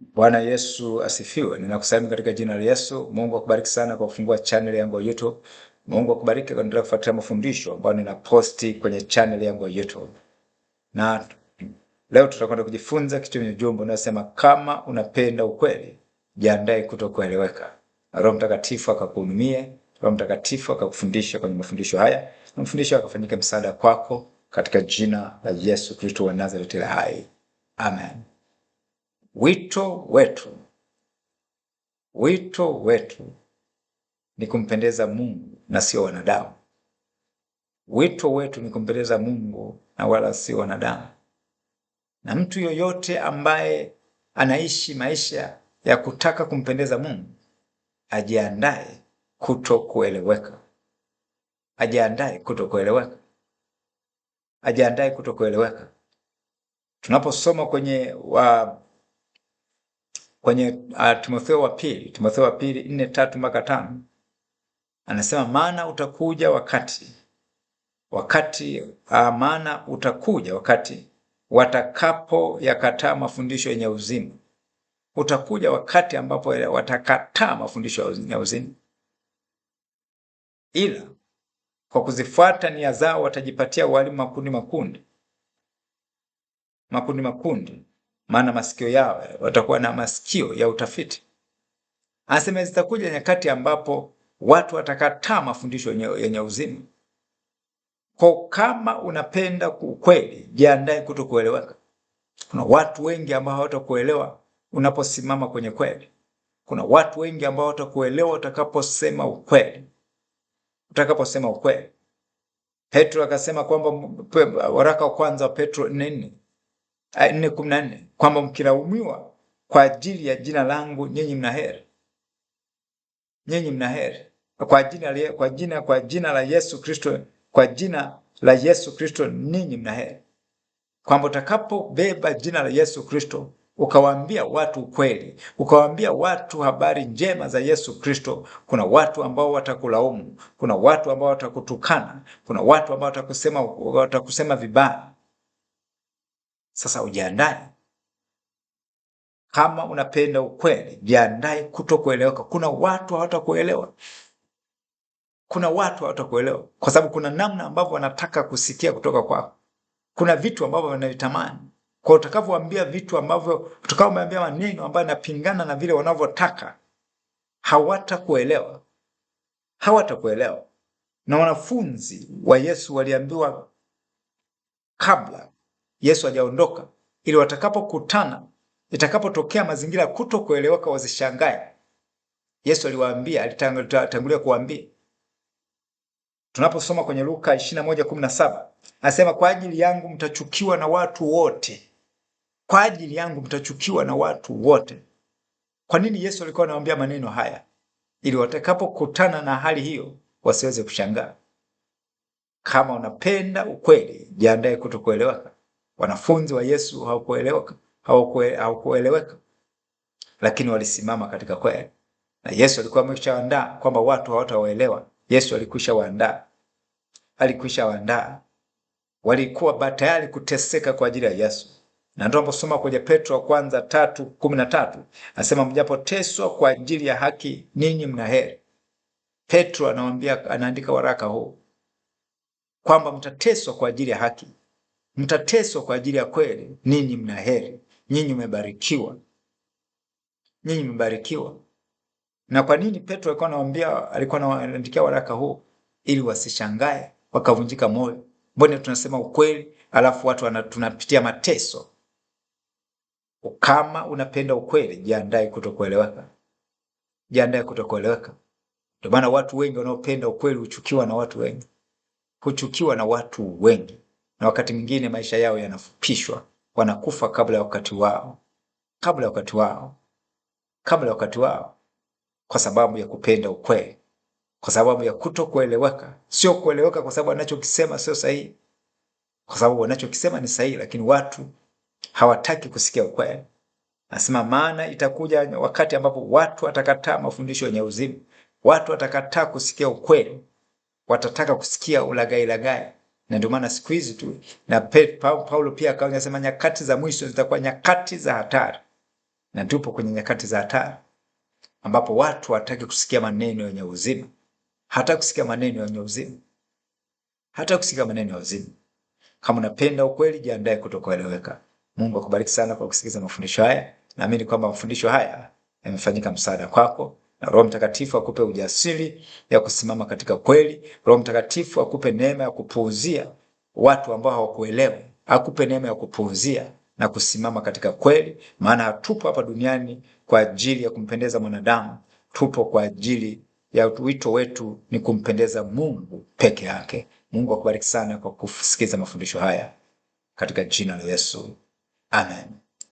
Bwana Yesu asifiwe. Ninakusalimu katika jina la Yesu. Mungu akubariki sana kwa kufungua channel yangu ya YouTube. Mungu akubariki kwa kuendelea kufuatilia mafundisho ambayo ninaposti kwenye channel yangu ya YouTube. Na leo tutakwenda kujifunza kitu cha ujumbe unasema kama unapenda ukweli, jiandae kutokueleweka. Roho Mtakatifu akakuhudumie, Roho Mtakatifu akakufundisha kwenye mafundisho haya. Na mafundisho akafanyike msaada kwako katika jina la Yesu Kristo wa Nazareti hai. Amen. Wito wetu, wito wetu ni kumpendeza Mungu na sio wanadamu. Wito wetu ni kumpendeza Mungu na wala sio wanadamu. Na mtu yoyote ambaye anaishi maisha ya kutaka kumpendeza Mungu ajiandae kutokueleweka, ajiandae kutokueleweka, ajiandae kutokueleweka. Tunaposoma kwenye wa kwenye uh, Timotheo wa pili Timotheo wa pili nne tatu mpaka tano anasema maana utakuja wakati wakati uh, maana utakuja wakati watakapo yakataa mafundisho yenye uzima. Utakuja wakati ambapo watakataa mafundisho ya uzima, ila kwa kuzifuata nia zao watajipatia walimu makundi makundi makundi makundi maana masikio yao watakuwa na masikio ya utafiti. Anasema zitakuja nyakati ambapo watu watakataa mafundisho yenye uzima. Kwa kama unapenda ukweli, jiandae kutokueleweka. Kuna watu wengi ambao hawatakuelewa unaposimama kwenye kweli. Kuna watu wengi ambao watakuelewa utakaposema ukweli, utakaposema ukweli. Petro akasema kwamba waraka wa kwanza wa Petro nne Eh, nne kumi na nne kwamba mkilaumiwa kwa ajili ya jina langu nyinyi mna heri, nyinyi mna heri kwa jina, kwa jina, kwa jina la Yesu Kristo, kwa jina la Yesu Kristo ninyi mna heri, kwamba utakapobeba jina la Yesu Kristo ukawaambia watu ukweli, ukawaambia watu habari njema za Yesu Kristo, kuna watu ambao watakulaumu, kuna watu ambao watakutukana, kuna watu ambao watakusema, watakusema vibaya sasa ujiandae. Kama unapenda ukweli, jiandae kutokueleweka. Kuna watu hawatakuelewa, kuna watu hawatakuelewa kwa sababu kuna namna ambavyo wanataka kusikia kutoka kwako, kuna vitu ambavyo wanavitamani kwa utakavyoambia vitu ambavyo utakavyoambia maneno ambayo yanapingana na vile wanavyotaka, hawatakuelewa, hawatakuelewa. Na wanafunzi wa Yesu waliambiwa kabla Yesu hajaondoka, ili watakapokutana, itakapotokea mazingira ya kutokueleweka wazishangae. Yesu aliwaambia, alitangulia kuwaambia tunaposoma kwenye Luka 21:17 anasema, kwa ajili yangu mtachukiwa na watu wote. Kwa ajili yangu mtachukiwa na watu wote. Kwa nini Yesu alikuwa anawaambia maneno haya? Ili watakapokutana na hali hiyo wasiweze kushangaa. Kama unapenda ukweli, jiandae kutokueleweka. Wanafunzi wa Yesu hawakueleweka, hawakueleweka, lakini walisimama katika kweli, na Yesu alikuwa ameshaandaa kwamba watu hawatawaelewa. Yesu alikwisha waandaa, alikwisha waandaa, walikuwa tayari kuteseka kwa ajili ya Yesu na ndio amposoma kwenye Petro wa kwanza tatu kumi na tatu anasema mjapoteswa kwa ajili ya haki ninyi mna heri. Petro anawaambia, anaandika waraka huu kwamba mtateswa kwa ajili ya haki mtateswa kwa ajili ya kweli, ninyi mna heri, nyinyi mmebarikiwa, nyinyi mmebarikiwa. Na kwa nini Petro alikuwa anawaambia, alikuwa anaandikia waraka huu? Ili wasishangae wakavunjika moyo, mbona tunasema ukweli alafu watu wana, tunapitia mateso. Kama unapenda ukweli, jiandae kutokueleweka, jiandae kutokueleweka. Ndio maana watu wengi wanaopenda ukweli huchukiwa na watu wengi, huchukiwa na watu wengi na wakati mwingine maisha yao yanafupishwa, wanakufa kabla ya wakati wao, kabla ya wakati wao, kabla ya wakati wao, kwa sababu ya kupenda ukweli, kwa sababu ya kutokueleweka. Sio kueleweka kwa sababu anachokisema sio sahihi, kwa sababu wanachokisema ni sahihi, lakini watu hawataki kusikia ukweli. Nasema maana itakuja wakati ambapo watu watakataa mafundisho yenye uzima, watu watakataa kusikia ukweli, watataka kusikia ulagailagai laghai na ndio maana siku hizi tu na Paulo pia akawa anasema nyakati za mwisho zitakuwa nyakati za hatari, na tupo kwenye nyakati za hatari ambapo watu hataki kusikia maneno yenye uzima, hata kusikia maneno yenye uzima, hata kusikia maneno ya uzima. Kama unapenda ukweli, jiandae kutokueleweka. Mungu akubariki sana kwa kusikiza mafundisho haya. Naamini kwamba mafundisho haya yamefanyika msaada kwako. Roho Mtakatifu akupe ujasiri ya kusimama katika kweli. Roho Mtakatifu akupe neema ya kupuuzia watu ambao hawakuelewa, akupe neema ya kupuuzia na kusimama katika kweli, maana hatupo hapa duniani kwa ajili ya kumpendeza mwanadamu, tupo kwa ajili ya wito wetu ni kumpendeza Mungu peke yake. Mungu akubariki sana kwa kusikiza mafundisho haya katika jina la Yesu, amen.